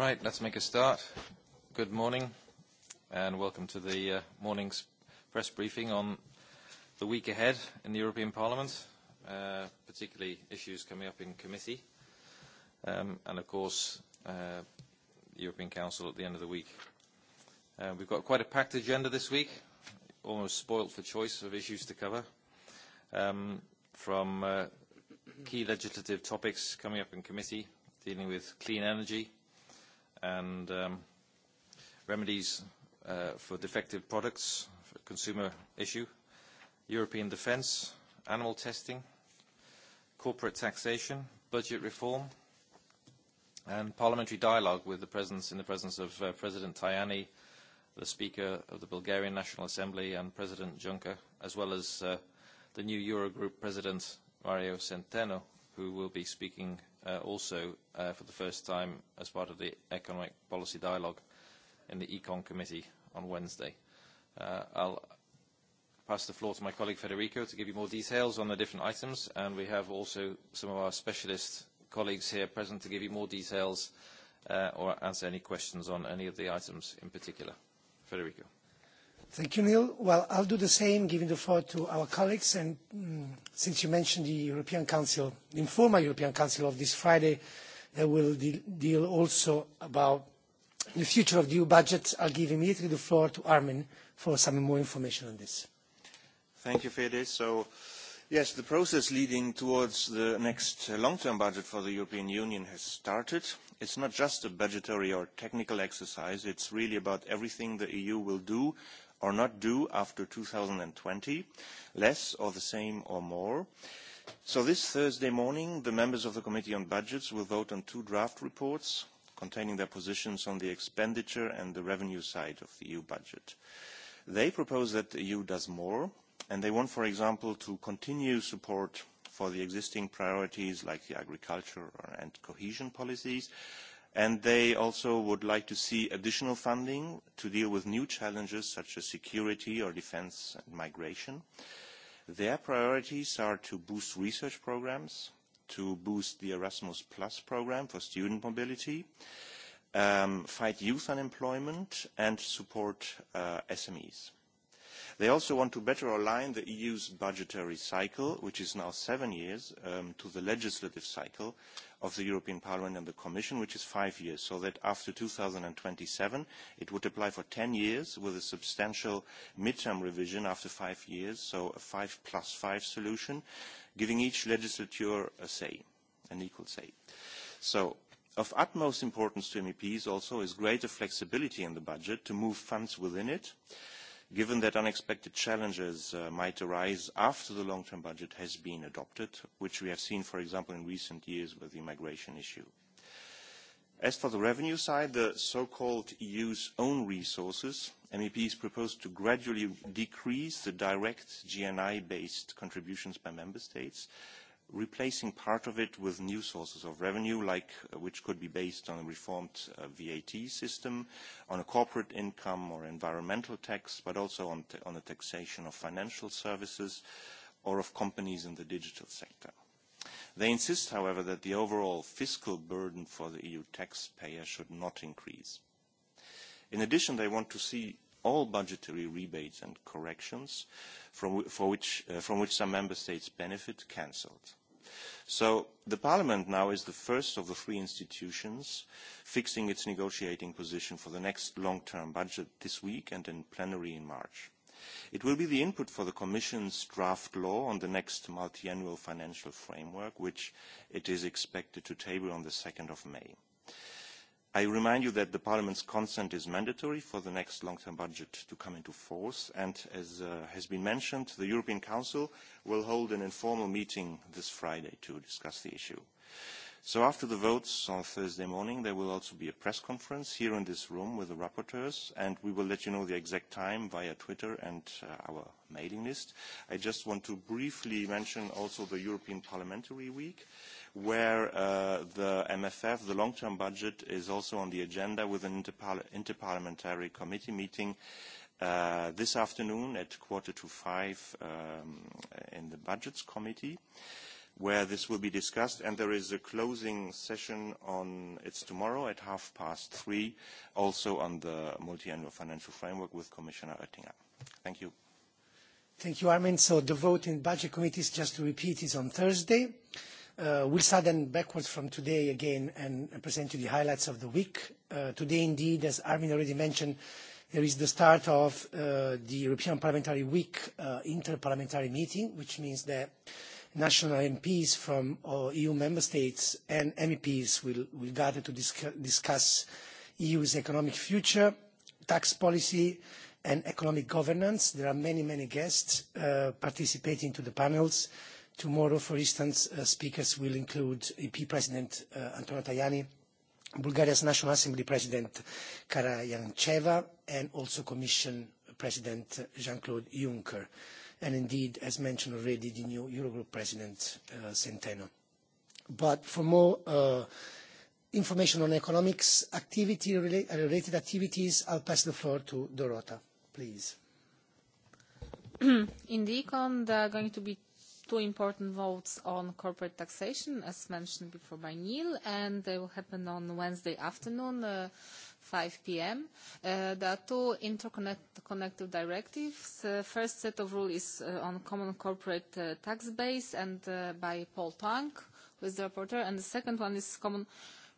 Right, let's make a start. Good morning, and welcome to the morning's press briefing on the week ahead in the European Parliament, particularly issues coming up in committee, and of course, the European Council at the end of the week. We've got quite a packed agenda this week, almost spoilt for choice of issues to cover, from key legislative topics coming up in committee, dealing with clean energy, and remedies for defective products, consumer issue, European defence, animal testing, corporate taxation, budget reform, and parliamentary dialogue with the presence in the presence of President Tajani, the Speaker of the Bulgarian National Assembly, and President Juncker, as well as the new Eurogroup President Mario Centeno who will be speaking also for the first time as part of the Economic Policy Dialogue in the Econ Committee on Wednesday. I'll pass the floor to my colleague Federico to give you more details on the different items, and we have also some of our specialist colleagues here present to give you more details or answer any questions on any of the items in particular. Federico. Thank you, Neil. Well, I'll do the same, giving the floor to our colleagues. And since you mentioned the European Council, the informal European Council of this Friday, that will deal also about the future of the EU budget, I'll give immediately the floor to Armin for some more information on this. Thank you, Fede. So, yes, the process leading towards the next long-term budget for the European Union has started. It's not just a budgetary or technical exercise. It's really about everything the EU will do or not due after 2020, less or the same or more. So this Thursday morning, the members of the Committee on Budgets will vote on two draft reports containing their positions on the expenditure and the revenue side of the EU budget. They propose that the EU does more, and they want, for example, to continue support for the existing priorities like the agriculture and cohesion policies, and they also would like to see additional funding to deal with new challenges such as security or defence and migration. Their priorities are to boost research programmes, to boost the Erasmus Plus programme for student mobility, fight youth unemployment, and support SMEs. They also want to better align the EU's budgetary cycle, which is now seven years, to the legislative cycle of the European Parliament and the Commission, which is five years, so that after 2027 it would apply for 10 years with a substantial mid term revision after five years, so a five plus five solution, giving each legislature a say, an equal say. So of utmost importance to MEPs also is greater flexibility in the budget to move funds within it given that unexpected challenges might arise after the long-term budget has been adopted, which we have seen, for example, in recent years with the migration issue. As for the revenue side, the so-called EU's own resources, MEPs propose to gradually decrease the direct GNI-based contributions by member states replacing part of it with new sources of revenue, like which could be based on a reformed VAT system, on a corporate income or environmental tax, but also on the taxation of financial services or of companies in the digital sector. They insist, however, that the overall fiscal burden for the EU taxpayer should not increase. In addition, they want to see all budgetary rebates and corrections from which some member states benefit cancelled. So the Parliament now is the first of the three institutions fixing its negotiating position for the next long-term budget this week and in plenary in March. It will be the input for the Commission's draft law on the next multiannual financial framework, which it is expected to table on the 2 of May. I remind you that the Parliament's consent is mandatory for the next long-term budget to come into force, and as has been mentioned, the European Council will hold an informal meeting this Friday to discuss the issue. So after the votes on Thursday morning, there will also be a press conference here in this room with the rapporteurs, and we will let you know the exact time via Twitter and our mailing list. I just want to briefly mention also the European Parliamentary Week where the MFF, the long-term budget, is also on the agenda with an interparliamentary committee meeting this afternoon at quarter to five in the Budgets Committee where this will be discussed, and there is a closing session on it's tomorrow at half past three, also on the multi-annual financial framework with Commissioner Oettinger. Thank you. Thank you, Armin. So the vote in Budget Committee, just to repeat, is on Thursday. We'll start then backwards from today again and present you the highlights of the week. Today, indeed, as Armin already mentioned, there is the start of the European Parliamentary Week interparliamentary meeting, which means that national MPs from EU member states and MEPs will gather to discuss EU's economic future, tax policy and economic governance. There are many, many guests participating to the panels Tomorrow, for instance, speakers will include EP President Antonio Tajani, Bulgaria's National Assembly President Kara Yancheva, and also Commission President Jean-Claude Juncker, and indeed, as mentioned already, the new Eurogroup President Centeno. But for more information on economics activity-related activities, I'll pass the floor to Dorota, please. In the ECON, there are going to be two important votes on corporate taxation, as mentioned before by Neil, and they will happen on Wednesday afternoon, 5 p.m. There are two interconnected directives. The first set of rules is on common corporate tax base and by Paul Tang, who is the rapporteur, and the second one is common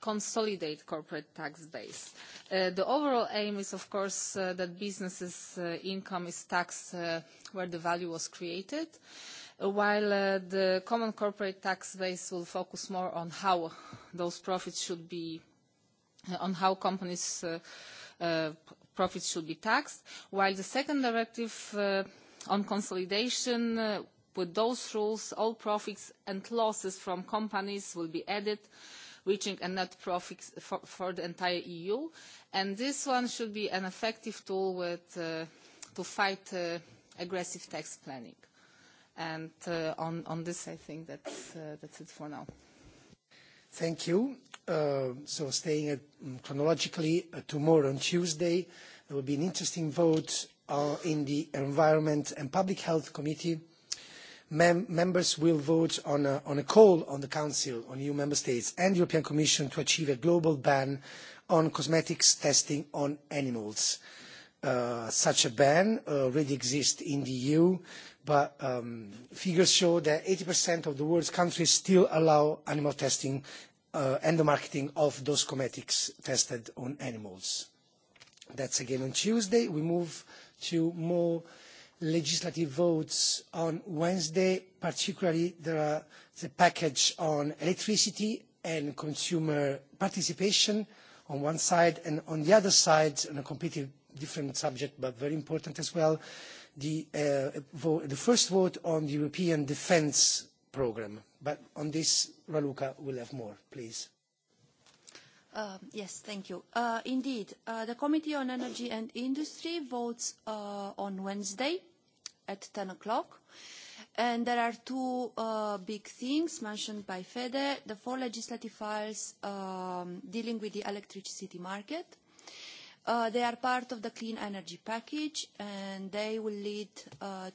consolidated corporate tax base. The overall aim is, of course, that businesses' income is taxed where the value was created while the common corporate tax base will focus more on how those profits should be, on how companies' profits should be taxed, while the second directive on consolidation, with those rules, all profits and losses from companies will be added, reaching a net profit for the entire EU. And this one should be an effective tool to fight aggressive tax planning. And on this, I think that's it for now. Thank you. So staying chronologically, tomorrow on Tuesday, there will be an interesting vote in the Environment and Public Health Committee. Members will vote on a call on the Council, on EU member states and European Commission to achieve a global ban on cosmetics testing on animals. Such a ban already exists in the EU but figures show that 80% of the world's countries still allow animal testing and the marketing of those cosmetics tested on animals. That's again on Tuesday. We move to more legislative votes on Wednesday. Particularly, there are the package on electricity and consumer participation on one side, and on the other side, on a completely different subject, but very important as well, the first vote on the European Defence Programme. But on this, Raluca will have more, please. Yes, thank you. Indeed, the Committee on Energy and Industry votes on Wednesday at 10 o'clock. And there are two big things mentioned by FEDE, the four legislative files dealing with the electricity market They are part of the clean energy package and they will lead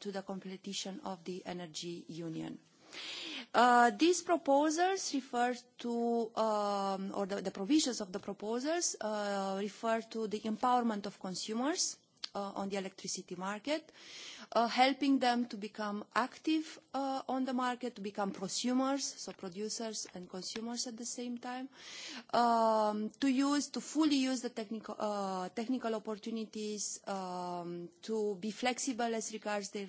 to the completion of the energy union. These proposals refer to, or the provisions of the proposals refer to the empowerment of consumers on the electricity market, helping them to become active on the market, to become prosumers, so producers and consumers at the same time, to use, to fully use the technical opportunities, to be flexible as regards their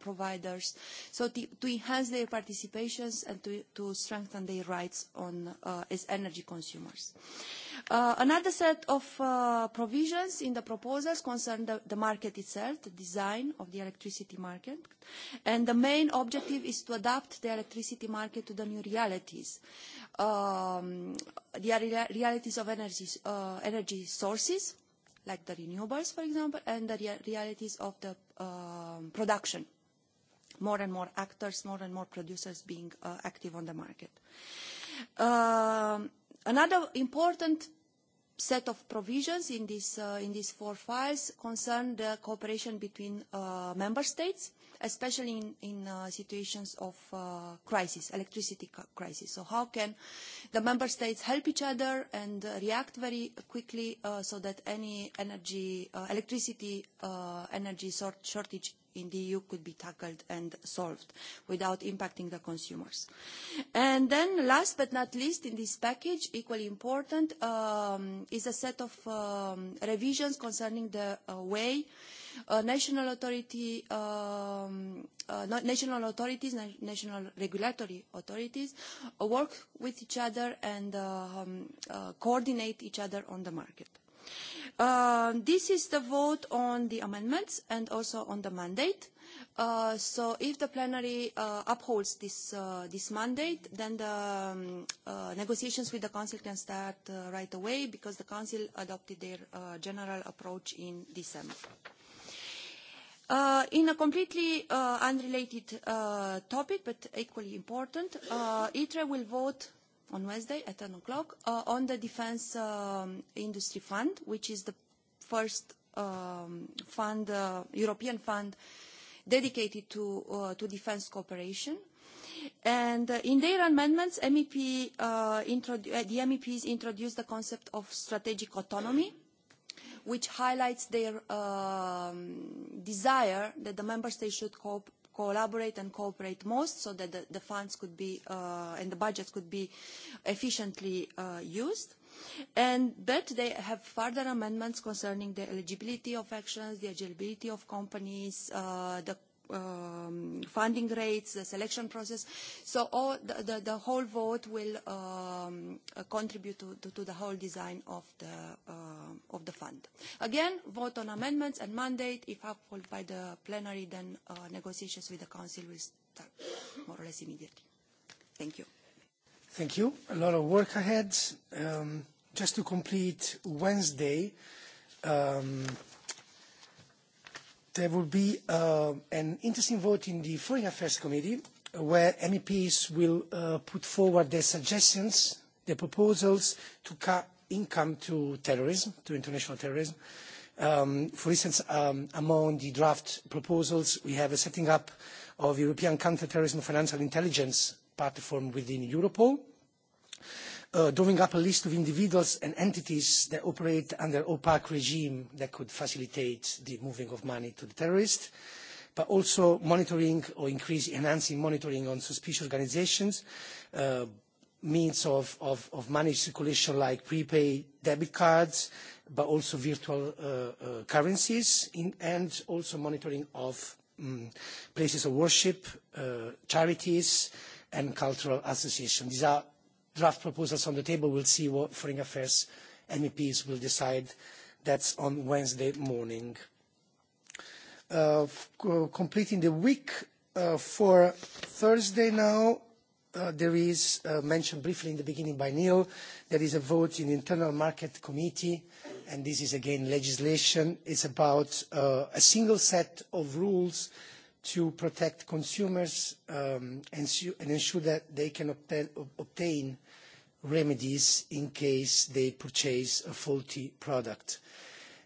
providers, so to enhance their participations and to strengthen their rights as energy consumers. Another set of provisions in the proposals concern the market itself, the design of the electricity market, and the main objective is to adapt the electricity market to the new realities, the realities of energy sources, like the renewables, for example, and the realities of the production. More and more actors, more and more producers being active on the market. Another important set of provisions in these four files concern the cooperation between member states, especially in situations of crisis, electricity crisis. So how can the member states help each other and react very quickly so that any energy, electricity energy shortage in the EU could be tackled and solved without impacting the consumers. And then last but not least in this package, equally important, is a set of revisions concerning the way national authority national authorities national regulatory authorities work with each other and coordinate each other on the market This is the vote on the amendments and also on the mandate. So if the plenary upholds this mandate, then the negotiations with the Council can start right away because the Council adopted their general approach in December. In a completely unrelated topic but equally important, ITRE will vote on Wednesday at 10 o'clock on the Defence Industry Fund, which is the first fund, European fund dedicated to defence cooperation. And in their amendments, the MEPs introduced the concept of strategic autonomy, which highlights their desire that the member states should cope collaborate and cooperate most so that the funds could be and the budgets could be efficiently used and that they have further amendments concerning the eligibility of actions, the eligibility of companies, the funding rates, the selection process. So all the whole vote will contribute to the whole design of the fund. Again, vote on amendments and mandate. If upheld by the plenary, then negotiations with the Council will start more or less immediately. Thank you. Thank you. A lot of work ahead. Just to complete Wednesday, there will be an interesting vote in the Foreign Affairs Committee where MEPs will put forward their suggestions, their proposals to cut income to terrorism, to international terrorism. For instance, among the draft proposals, we have a setting up of European counterterrorism financial intelligence platform within Europol drawing up a list of individuals and entities that operate under opaque regime that could facilitate the moving of money to the terrorists, but also monitoring or increase enhancing monitoring on suspicious organizations, means of money circulation like prepaid debit cards, but also virtual currencies, and also monitoring of places of worship, charities, and cultural associations. These are draft proposals on the table. We'll see what Foreign Affairs MEPs will decide. That's on Wednesday morning. Completing the week for Thursday now, there is, mentioned briefly in the beginning by Neil, there is a vote in the Internal Market Committee, and this is again legislation. It's about a single set of rules to protect consumers and ensure that they can obtain remedies in case they purchase a faulty product.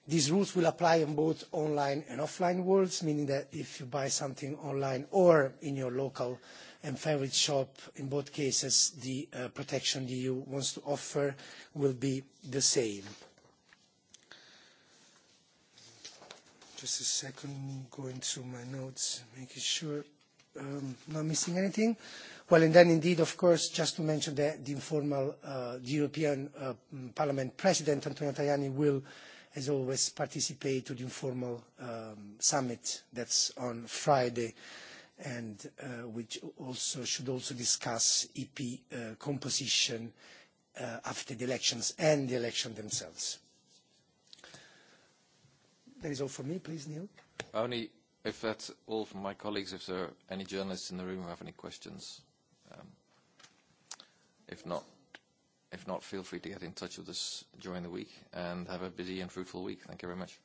These rules will apply in both online and offline worlds, meaning that if you buy something online or in your local and favorite shop, in both cases, the protection the EU wants to offer will be the same. just a second, going through my notes, making sure not missing anything. Well, and then indeed, of course, just to mention that the informal European Parliament President, Antonio Tajani, will, as always, participate to the informal summit that's on Friday and which also should also discuss EP composition after the elections and the election themselves. That is all for me. Please, Neil. Only if that's all from my colleagues, if there are any journalists in the room who have any questions. If not, if not, feel free to get in touch with us during the week and have a busy and fruitful week. Thank you very much.